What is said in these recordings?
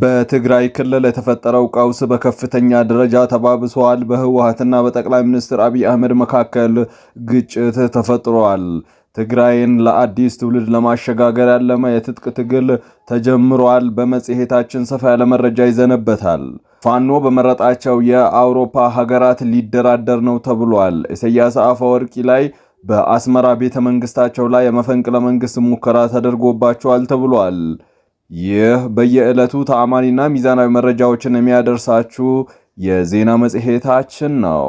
በትግራይ ክልል የተፈጠረው ቀውስ በከፍተኛ ደረጃ ተባብሷል። በህወሀትና በጠቅላይ ሚኒስትር አብይ አህመድ መካከል ግጭት ተፈጥሯል። ትግራይን ለአዲስ ትውልድ ለማሸጋገር ያለመ የትጥቅ ትግል ተጀምሯል። በመጽሔታችን ሰፋ ያለ መረጃ ይዘንበታል። ፋኖ በመረጣቸው የአውሮፓ ሀገራት ሊደራደር ነው ተብሏል። ኢሳያስ አፈወርቂ ላይ በአስመራ ቤተ መንግስታቸው ላይ የመፈንቅለ መንግስት ሙከራ ተደርጎባቸዋል ተብሏል። ይህ በየዕለቱ ተአማኒና ሚዛናዊ መረጃዎችን የሚያደርሳችሁ የዜና መጽሔታችን ነው።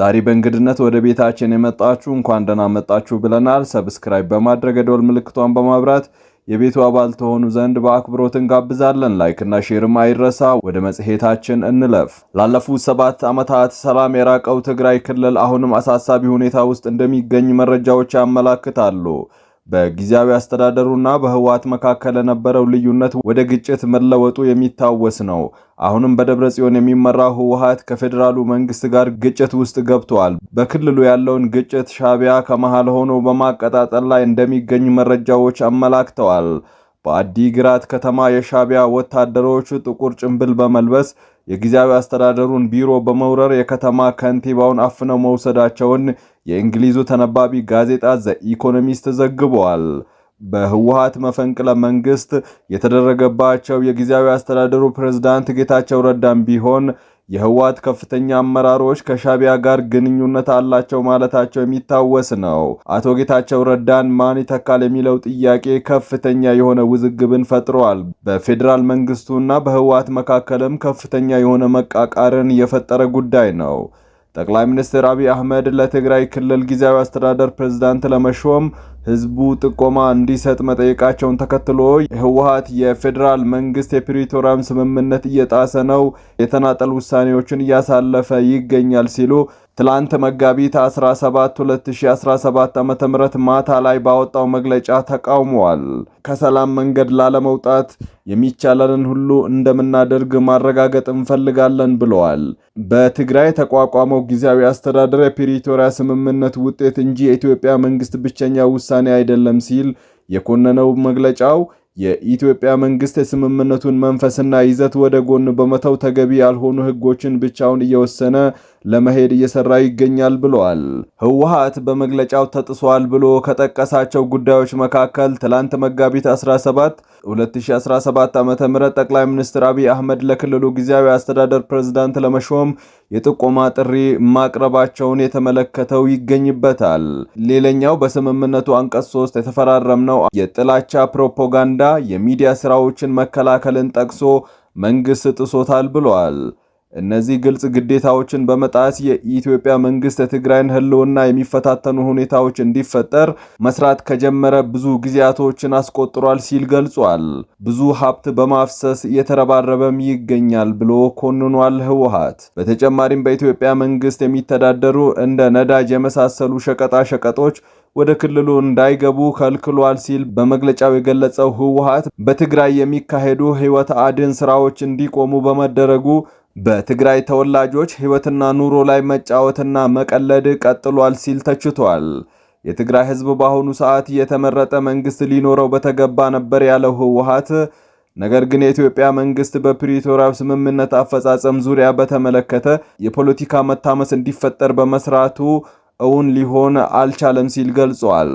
ዛሬ በእንግድነት ወደ ቤታችን የመጣችሁ እንኳን ደህና መጣችሁ ብለናል። ሰብስክራይብ በማድረግ የደወል ምልክቷን በማብራት የቤቱ አባል ተሆኑ ዘንድ በአክብሮት እንጋብዛለን። ላይክና ሼርም አይረሳ። ወደ መጽሔታችን እንለፍ። ላለፉት ሰባት ዓመታት ሰላም የራቀው ትግራይ ክልል አሁንም አሳሳቢ ሁኔታ ውስጥ እንደሚገኝ መረጃዎች ያመላክታሉ። በጊዜያዊ አስተዳደሩና በህወሓት መካከል የነበረው ልዩነት ወደ ግጭት መለወጡ የሚታወስ ነው። አሁንም በደብረ ጽዮን የሚመራው ህወሓት ከፌዴራሉ መንግስት ጋር ግጭት ውስጥ ገብቷል። በክልሉ ያለውን ግጭት ሻቢያ ከመሃል ሆኖ በማቀጣጠል ላይ እንደሚገኝ መረጃዎች አመላክተዋል። በአዲግራት ከተማ የሻቢያ ወታደሮች ጥቁር ጭንብል በመልበስ የጊዜያዊ አስተዳደሩን ቢሮ በመውረር የከተማ ከንቲባውን አፍነው መውሰዳቸውን የእንግሊዙ ተነባቢ ጋዜጣ ዘ ኢኮኖሚስት ዘግቧል። በህወሀት መፈንቅለ መንግስት የተደረገባቸው የጊዜያዊ አስተዳደሩ ፕሬዝዳንት ጌታቸው ረዳም ቢሆን የህወሀት ከፍተኛ አመራሮች ከሻቢያ ጋር ግንኙነት አላቸው ማለታቸው የሚታወስ ነው። አቶ ጌታቸው ረዳን ማን ይተካል የሚለው ጥያቄ ከፍተኛ የሆነ ውዝግብን ፈጥሯል። በፌዴራል መንግስቱና በህወሀት መካከልም ከፍተኛ የሆነ መቃቃርን የፈጠረ ጉዳይ ነው። ጠቅላይ ሚኒስትር አብይ አህመድ ለትግራይ ክልል ጊዜያዊ አስተዳደር ፕሬዝዳንት ለመሾም ህዝቡ ጥቆማ እንዲሰጥ መጠየቃቸውን ተከትሎ ህወሀት የፌዴራል መንግስት የፕሪቶሪያም ስምምነት እየጣሰ ነው፣ የተናጠል ውሳኔዎችን እያሳለፈ ይገኛል ሲሉ ትላንት መጋቢት 17 2017 ዓ.ም ማታ ላይ ባወጣው መግለጫ ተቃውመዋል። ከሰላም መንገድ ላለመውጣት የሚቻለንን ሁሉ እንደምናደርግ ማረጋገጥ እንፈልጋለን ብለዋል። በትግራይ የተቋቋመው ጊዜያዊ አስተዳደር የፕሪቶሪያ ስምምነት ውጤት እንጂ የኢትዮጵያ መንግስት ብቸኛ ውሳኔ አይደለም ሲል የኮነነው መግለጫው የኢትዮጵያ መንግስት የስምምነቱን መንፈስና ይዘት ወደ ጎን በመተው ተገቢ ያልሆኑ ህጎችን ብቻውን እየወሰነ ለመሄድ እየሰራ ይገኛል ብለዋል። ህወሓት በመግለጫው ተጥሷል ብሎ ከጠቀሳቸው ጉዳዮች መካከል ትላንት መጋቢት 17 2017 ዓ.ም ጠቅላይ ሚኒስትር አብይ አህመድ ለክልሉ ጊዜያዊ አስተዳደር ፕሬዝዳንት ለመሾም የጥቆማ ጥሪ ማቅረባቸውን የተመለከተው ይገኝበታል። ሌላኛው በስምምነቱ አንቀጽ 3 የተፈራረምነው የጥላቻ ፕሮፓጋንዳ የሚዲያ ስራዎችን መከላከልን ጠቅሶ መንግስት ጥሶታል ብለዋል። እነዚህ ግልጽ ግዴታዎችን በመጣስ የኢትዮጵያ መንግስት የትግራይን ህልውና የሚፈታተኑ ሁኔታዎች እንዲፈጠር መስራት ከጀመረ ብዙ ጊዜያቶችን አስቆጥሯል ሲል ገልጿል። ብዙ ሀብት በማፍሰስ እየተረባረበም ይገኛል ብሎ ኮንኗል ህወሓት። በተጨማሪም በኢትዮጵያ መንግስት የሚተዳደሩ እንደ ነዳጅ የመሳሰሉ ሸቀጣ ሸቀጦች ወደ ክልሉ እንዳይገቡ ከልክሏል ሲል በመግለጫው የገለጸው ህወሓት በትግራይ የሚካሄዱ ህይወት አድን ስራዎች እንዲቆሙ በመደረጉ በትግራይ ተወላጆች ሕይወትና ኑሮ ላይ መጫወትና መቀለድ ቀጥሏል ሲል ተችቷል። የትግራይ ሕዝብ በአሁኑ ሰዓት የተመረጠ መንግስት ሊኖረው በተገባ ነበር ያለው ህወሓት ነገር ግን የኢትዮጵያ መንግስት በፕሪቶሪያው ስምምነት አፈጻጸም ዙሪያ በተመለከተ የፖለቲካ መታመስ እንዲፈጠር በመስራቱ እውን ሊሆን አልቻለም ሲል ገልጿል።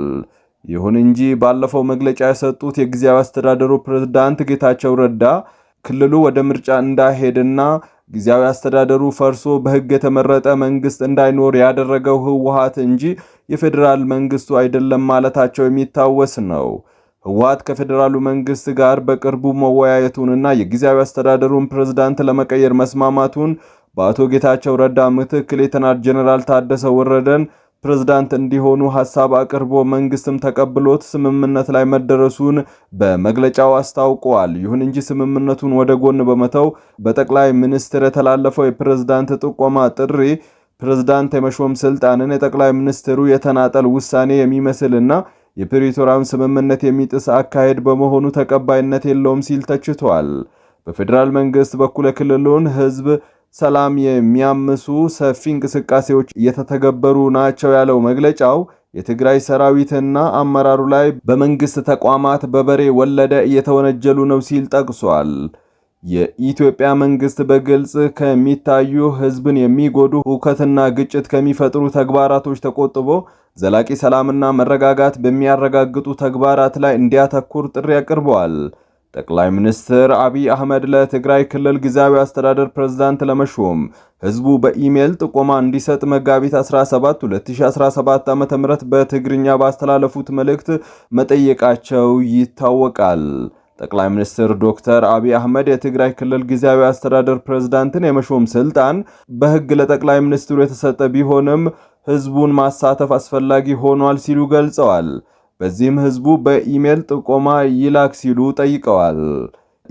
ይሁን እንጂ ባለፈው መግለጫ የሰጡት የጊዜያዊ አስተዳደሩ ፕሬዝዳንት ጌታቸው ረዳ ክልሉ ወደ ምርጫ እንዳይሄድና ጊዜያዊ አስተዳደሩ ፈርሶ በህግ የተመረጠ መንግስት እንዳይኖር ያደረገው ህወሀት እንጂ የፌዴራል መንግስቱ አይደለም ማለታቸው የሚታወስ ነው። ህወሀት ከፌዴራሉ መንግስት ጋር በቅርቡ መወያየቱንና የጊዜያዊ አስተዳደሩን ፕሬዝዳንት ለመቀየር መስማማቱን በአቶ ጌታቸው ረዳ ምትክ ሌተናንት ጀኔራል ታደሰ ወረደን ፕሬዝዳንት እንዲሆኑ ሀሳብ አቅርቦ መንግስትም ተቀብሎት ስምምነት ላይ መደረሱን በመግለጫው አስታውቀዋል። ይሁን እንጂ ስምምነቱን ወደ ጎን በመተው በጠቅላይ ሚኒስትር የተላለፈው የፕሬዝዳንት ጥቆማ ጥሪ ፕሬዝዳንት የመሾም ስልጣንን የጠቅላይ ሚኒስትሩ የተናጠል ውሳኔ የሚመስልና የፕሪቶሪያውን ስምምነት የሚጥስ አካሄድ በመሆኑ ተቀባይነት የለውም ሲል ተችቷል። በፌዴራል መንግስት በኩል የክልሉን ህዝብ ሰላም የሚያምሱ ሰፊ እንቅስቃሴዎች እየተተገበሩ ናቸው ያለው መግለጫው የትግራይ ሰራዊትና አመራሩ ላይ በመንግስት ተቋማት በበሬ ወለደ እየተወነጀሉ ነው ሲል ጠቅሷል። የኢትዮጵያ መንግስት በግልጽ ከሚታዩ ህዝብን የሚጎዱ ሁከትና ግጭት ከሚፈጥሩ ተግባራቶች ተቆጥቦ ዘላቂ ሰላምና መረጋጋት በሚያረጋግጡ ተግባራት ላይ እንዲያተኩር ጥሪ አቅርበዋል። ጠቅላይ ሚኒስትር አብይ አህመድ ለትግራይ ክልል ጊዜያዊ አስተዳደር ፕሬዝዳንት ለመሾም ህዝቡ በኢሜይል ጥቆማ እንዲሰጥ መጋቢት 17 2017 ዓ.ም በትግርኛ ባስተላለፉት መልእክት መጠየቃቸው ይታወቃል። ጠቅላይ ሚኒስትር ዶክተር አብይ አህመድ የትግራይ ክልል ጊዜያዊ አስተዳደር ፕሬዝዳንትን የመሾም ስልጣን በህግ ለጠቅላይ ሚኒስትሩ የተሰጠ ቢሆንም ህዝቡን ማሳተፍ አስፈላጊ ሆኗል ሲሉ ገልጸዋል። በዚህም ህዝቡ በኢሜል ጥቆማ ይላክ ሲሉ ጠይቀዋል።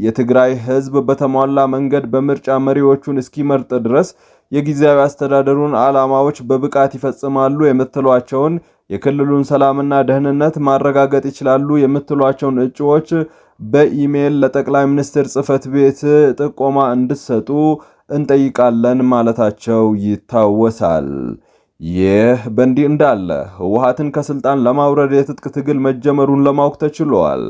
የትግራይ ህዝብ በተሟላ መንገድ በምርጫ መሪዎቹን እስኪመርጥ ድረስ የጊዜያዊ አስተዳደሩን ዓላማዎች በብቃት ይፈጽማሉ የምትሏቸውን የክልሉን ሰላምና ደህንነት ማረጋገጥ ይችላሉ የምትሏቸውን እጩዎች በኢሜይል ለጠቅላይ ሚኒስትር ጽህፈት ቤት ጥቆማ እንድትሰጡ እንጠይቃለን ማለታቸው ይታወሳል። ይህ በእንዲህ እንዳለ ህወሀትን ከስልጣን ለማውረድ የትጥቅ ትግል መጀመሩን ለማወቅ ተችሏል።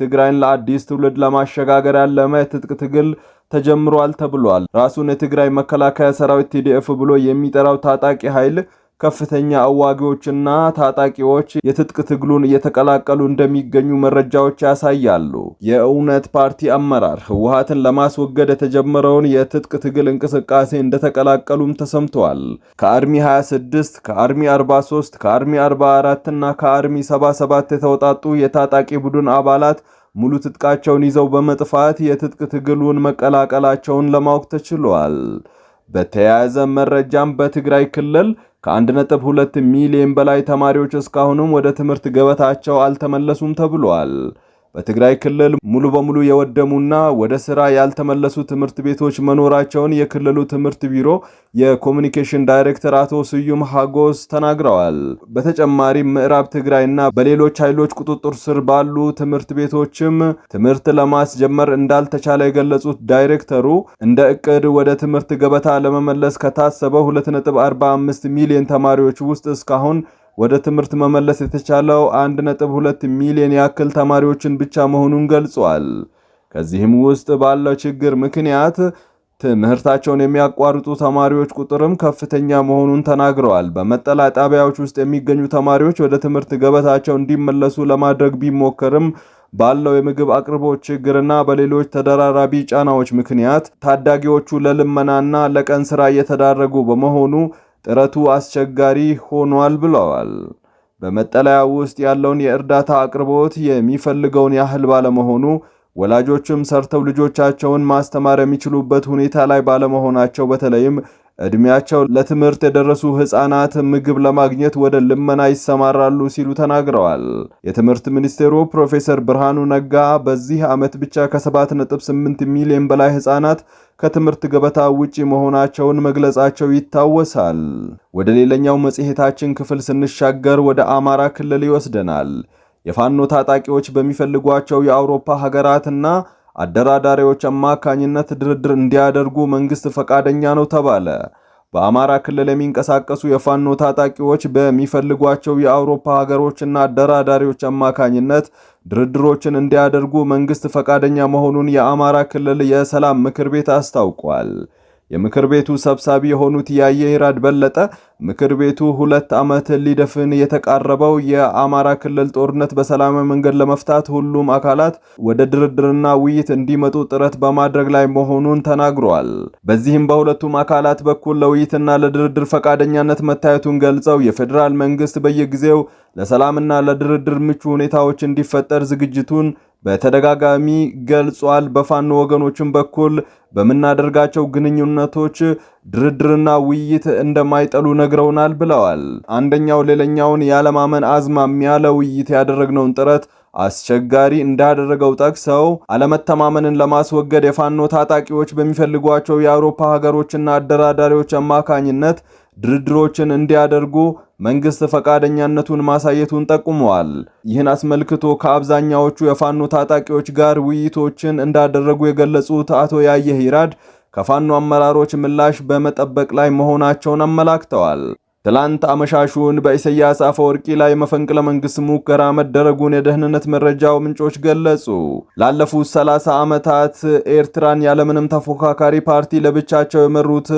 ትግራይን ለአዲስ ትውልድ ለማሸጋገር ያለመ የትጥቅ ትግል ተጀምሯል ተብሏል። ራሱን የትግራይ መከላከያ ሰራዊት ቲዲኤፍ ብሎ የሚጠራው ታጣቂ ኃይል ከፍተኛ አዋጊዎችና ታጣቂዎች የትጥቅ ትግሉን እየተቀላቀሉ እንደሚገኙ መረጃዎች ያሳያሉ። የእውነት ፓርቲ አመራር ህወሀትን ለማስወገድ የተጀመረውን የትጥቅ ትግል እንቅስቃሴ እንደተቀላቀሉም ተሰምተዋል። ከአርሚ 26 ከአርሚ 43 ከአርሚ 44 እና ከአርሚ 77 የተውጣጡ የታጣቂ ቡድን አባላት ሙሉ ትጥቃቸውን ይዘው በመጥፋት የትጥቅ ትግሉን መቀላቀላቸውን ለማወቅ ተችሏል። በተያያዘ መረጃም በትግራይ ክልል ከ1.2 ሚሊዮን በላይ ተማሪዎች እስካሁንም ወደ ትምህርት ገበታቸው አልተመለሱም ተብሏል። በትግራይ ክልል ሙሉ በሙሉ የወደሙና ወደ ስራ ያልተመለሱ ትምህርት ቤቶች መኖራቸውን የክልሉ ትምህርት ቢሮ የኮሚኒኬሽን ዳይሬክተር አቶ ስዩም ሀጎስ ተናግረዋል። በተጨማሪም ምዕራብ ትግራይና በሌሎች ኃይሎች ቁጥጥር ስር ባሉ ትምህርት ቤቶችም ትምህርት ለማስጀመር እንዳልተቻለ የገለጹት ዳይሬክተሩ እንደ እቅድ ወደ ትምህርት ገበታ ለመመለስ ከታሰበው 2.45 ሚሊዮን ተማሪዎች ውስጥ እስካሁን ወደ ትምህርት መመለስ የተቻለው 1.2 ሚሊዮን ያክል ተማሪዎችን ብቻ መሆኑን ገልጿል። ከዚህም ውስጥ ባለው ችግር ምክንያት ትምህርታቸውን የሚያቋርጡ ተማሪዎች ቁጥርም ከፍተኛ መሆኑን ተናግረዋል። በመጠለያ ጣቢያዎች ውስጥ የሚገኙ ተማሪዎች ወደ ትምህርት ገበታቸው እንዲመለሱ ለማድረግ ቢሞከርም ባለው የምግብ አቅርቦት ችግርና በሌሎች ተደራራቢ ጫናዎች ምክንያት ታዳጊዎቹ ለልመናና ለቀን ስራ እየተዳረጉ በመሆኑ ጥረቱ አስቸጋሪ ሆኗል ብለዋል። በመጠለያ ውስጥ ያለውን የእርዳታ አቅርቦት የሚፈልገውን ያህል ባለመሆኑ ወላጆችም ሰርተው ልጆቻቸውን ማስተማር የሚችሉበት ሁኔታ ላይ ባለመሆናቸው በተለይም እድሜያቸው ለትምህርት የደረሱ ህጻናት ምግብ ለማግኘት ወደ ልመና ይሰማራሉ ሲሉ ተናግረዋል። የትምህርት ሚኒስቴሩ ፕሮፌሰር ብርሃኑ ነጋ በዚህ ዓመት ብቻ ከ7.8 ሚሊዮን በላይ ህጻናት ከትምህርት ገበታ ውጪ መሆናቸውን መግለጻቸው ይታወሳል። ወደ ሌላኛው መጽሔታችን ክፍል ስንሻገር ወደ አማራ ክልል ይወስደናል። የፋኖ ታጣቂዎች በሚፈልጓቸው የአውሮፓ ሀገራትና አደራዳሪዎች አማካኝነት ድርድር እንዲያደርጉ መንግስት ፈቃደኛ ነው ተባለ። በአማራ ክልል የሚንቀሳቀሱ የፋኖ ታጣቂዎች በሚፈልጓቸው የአውሮፓ ሀገሮችና አደራዳሪዎች አማካኝነት ድርድሮችን እንዲያደርጉ መንግስት ፈቃደኛ መሆኑን የአማራ ክልል የሰላም ምክር ቤት አስታውቋል። የምክር ቤቱ ሰብሳቢ የሆኑት ያየ ይራድ በለጠ ምክር ቤቱ ሁለት ዓመት ሊደፍን የተቃረበው የአማራ ክልል ጦርነት በሰላማዊ መንገድ ለመፍታት ሁሉም አካላት ወደ ድርድርና ውይይት እንዲመጡ ጥረት በማድረግ ላይ መሆኑን ተናግረዋል። በዚህም በሁለቱም አካላት በኩል ለውይይትና ለድርድር ፈቃደኛነት መታየቱን ገልጸው የፌዴራል መንግስት በየጊዜው ለሰላምና ለድርድር ምቹ ሁኔታዎች እንዲፈጠር ዝግጅቱን በተደጋጋሚ ገልጿል። በፋኖ ወገኖችን በኩል በምናደርጋቸው ግንኙነቶች ድርድርና ውይይት እንደማይጠሉ ነግረውናል ብለዋል። አንደኛው ሌላኛውን ያለማመን አዝማሚያ ለውይይት ያደረግነውን ጥረት አስቸጋሪ እንዳደረገው ጠቅሰው አለመተማመንን ለማስወገድ የፋኖ ታጣቂዎች በሚፈልጓቸው የአውሮፓ ሀገሮችና አደራዳሪዎች አማካኝነት ድርድሮችን እንዲያደርጉ መንግስት ፈቃደኛነቱን ማሳየቱን ጠቁመዋል። ይህን አስመልክቶ ከአብዛኛዎቹ የፋኖ ታጣቂዎች ጋር ውይይቶችን እንዳደረጉ የገለጹት አቶ ያየህ ይራድ ከፋኖ አመራሮች ምላሽ በመጠበቅ ላይ መሆናቸውን አመላክተዋል። ትላንት አመሻሹን በኢሳያስ አፈወርቂ ላይ መፈንቅለ መንግስት ሙከራ መደረጉን የደህንነት መረጃው ምንጮች ገለጹ። ላለፉት ሰላሳ ዓመታት ኤርትራን ያለምንም ተፎካካሪ ፓርቲ ለብቻቸው የመሩት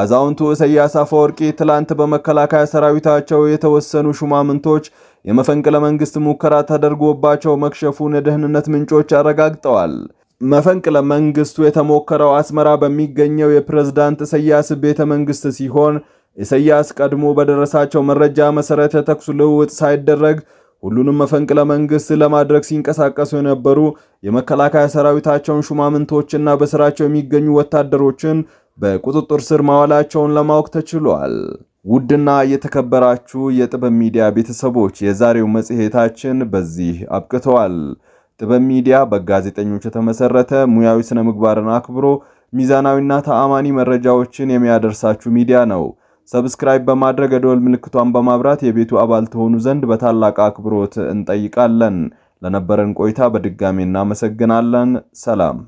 አዛውንቱ ኢሳያስ አፈወርቂ ትላንት በመከላከያ ሰራዊታቸው የተወሰኑ ሹማምንቶች የመፈንቅለ መንግስት ሙከራ ተደርጎባቸው መክሸፉን የደህንነት ምንጮች አረጋግጠዋል። መፈንቅለ መንግስቱ የተሞከረው አስመራ በሚገኘው የፕሬዝዳንት ኢሳያስ ቤተ መንግስት ሲሆን ኢሳያስ ቀድሞ በደረሳቸው መረጃ መሰረት የተኩስ ልውውጥ ሳይደረግ ሁሉንም መፈንቅለ መንግስት ለማድረግ ሲንቀሳቀሱ የነበሩ የመከላከያ ሰራዊታቸውን ሹማምንቶችና በስራቸው የሚገኙ ወታደሮችን በቁጥጥር ስር ማዋላቸውን ለማወቅ ተችሏል። ውድና የተከበራችሁ የጥበብ ሚዲያ ቤተሰቦች የዛሬው መጽሔታችን በዚህ አብቅተዋል። ጥበብ ሚዲያ በጋዜጠኞች የተመሰረተ ሙያዊ ስነ ምግባርን አክብሮ ሚዛናዊና ተአማኒ መረጃዎችን የሚያደርሳችሁ ሚዲያ ነው። ሰብስክራይብ በማድረግ የደወል ምልክቷን በማብራት የቤቱ አባል ትሆኑ ዘንድ በታላቅ አክብሮት እንጠይቃለን። ለነበረን ቆይታ በድጋሚ እናመሰግናለን። ሰላም